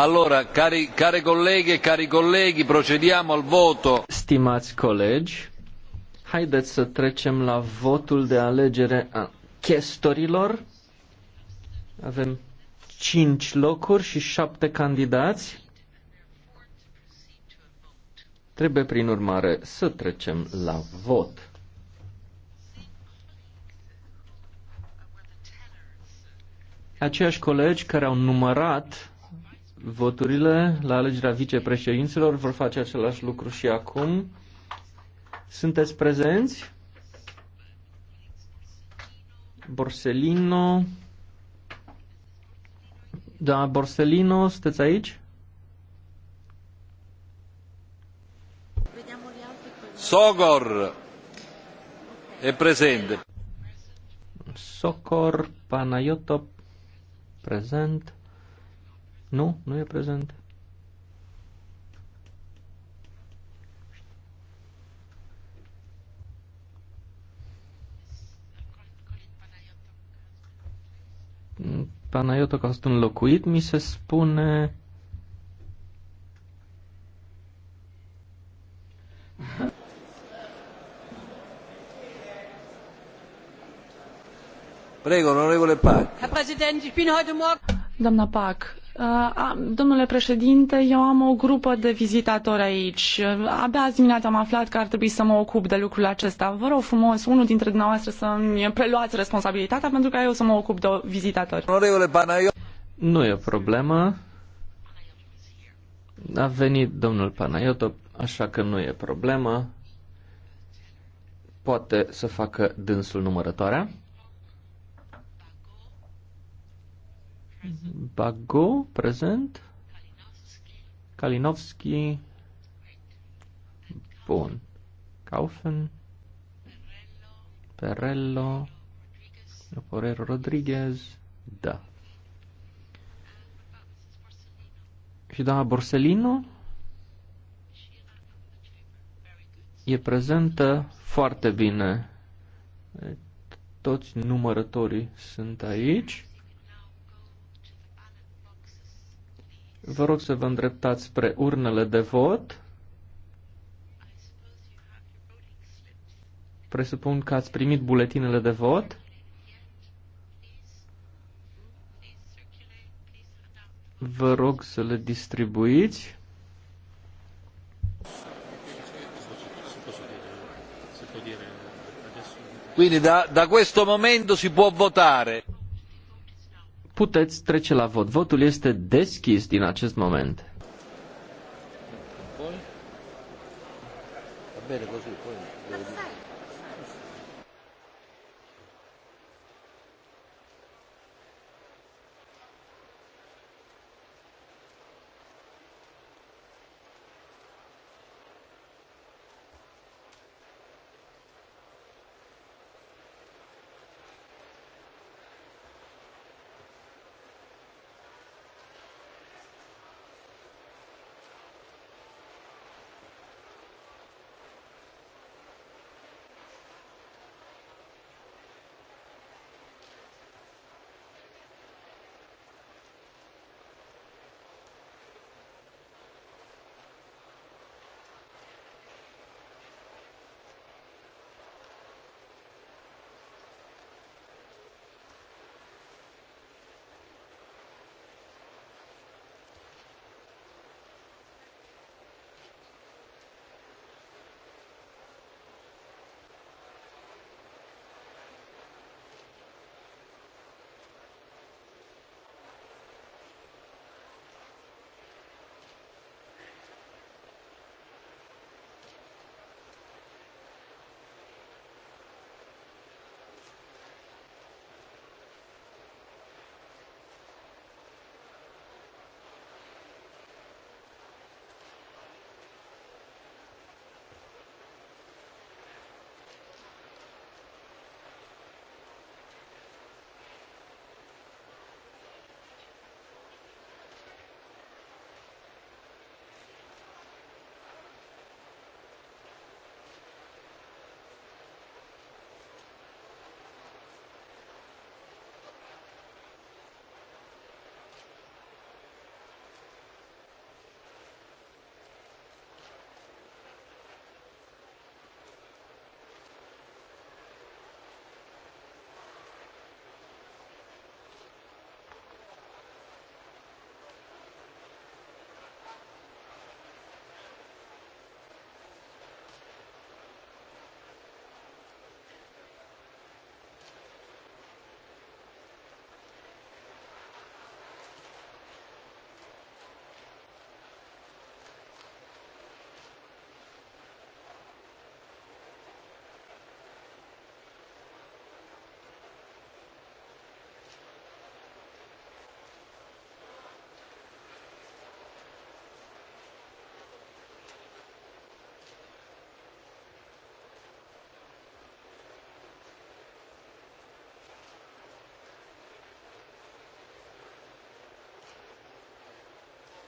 Allora, cari, care colleghe e cari colleghi, procediamo al voto. Stimați colegi, haideți să trecem la votul de alegere a chestorilor. Avem cinci locuri și 7 candidați. Trebuie, prin urmare, să trecem la vot. Aceiași colegi care au numărat Voturile la alegerea vicepreședinților vor face același lucru și acum. Sunteți prezenți? Borsellino. Da, Borsellino, sunteți aici? Sogor e prezent. Socor Panayotop prezent. Nu? Nu e prezent? Panayotok a fost înlocuit, mi se spune... Prego, onorevole Pac. Herr Präsident, ich bin heute Doamna Pac, Uh, domnule președinte, eu am o grupă de vizitatori aici. Abia azi dimineața am aflat că ar trebui să mă ocup de lucrul acesta. Vă rog frumos, unul dintre dumneavoastră să-mi preluați responsabilitatea pentru ca eu să mă ocup de vizitatori. Nu e o problemă. A venit domnul Panayotop, așa că nu e problemă. Poate să facă dânsul numărătoarea. Bago, prezent. Kalinowski. Bun. Kaufen. Perello. Porero Rodriguez. Da. Și doamna Borsellino e prezentă foarte bine. Toți numărătorii sunt aici. Vă rog să vă îndreptați spre urnele de vot. Presupun că ați primit buletinele de vot. Vă rog să le distribuiți. Quindi da, da questo momento si può votare puteți trece la vot. Votul este deschis din acest moment. Bine,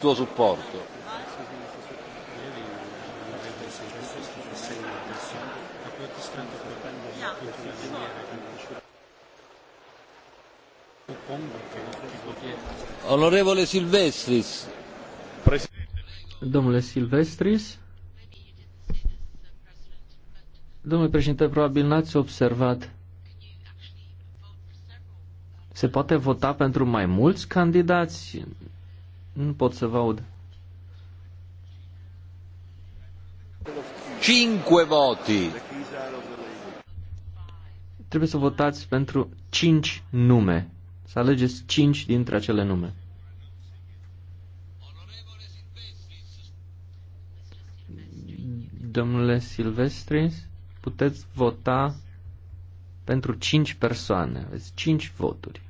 tuo supporto. Onorevole Silvestris. Domnule Silvestris. Domnule președinte, probabil n-ați observat. Se poate vota pentru mai mulți candidați? Nu pot să vă aud. Cinque voti. Trebuie să votați pentru cinci nume. Să alegeți cinci dintre acele nume. Domnule Silvestris, puteți vota pentru cinci persoane. Aveți cinci voturi.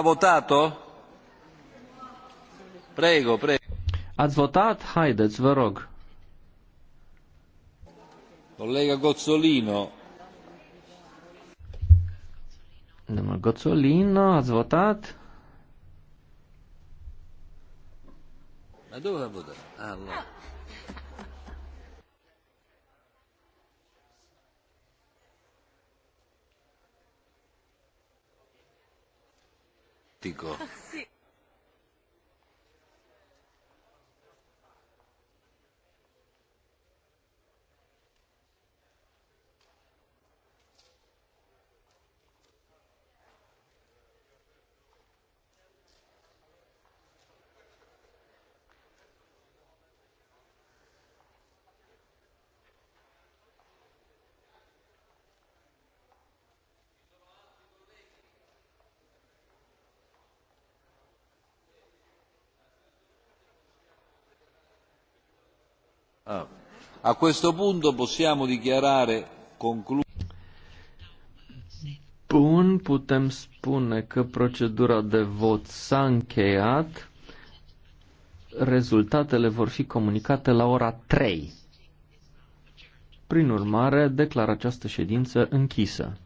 Ha votat-o? Prego, prego. Ați votat? Haideți, vă rog. Colega Gozzolino. Domnul Gozzolino, ați votat? Ma dove ha votato? Ah, dico. Ah. A questo punto possiamo dichiarare concluso. Bun, putem spune că procedura de vot s-a încheiat. Rezultatele vor fi comunicate la ora 3. Prin urmare, declar această ședință închisă.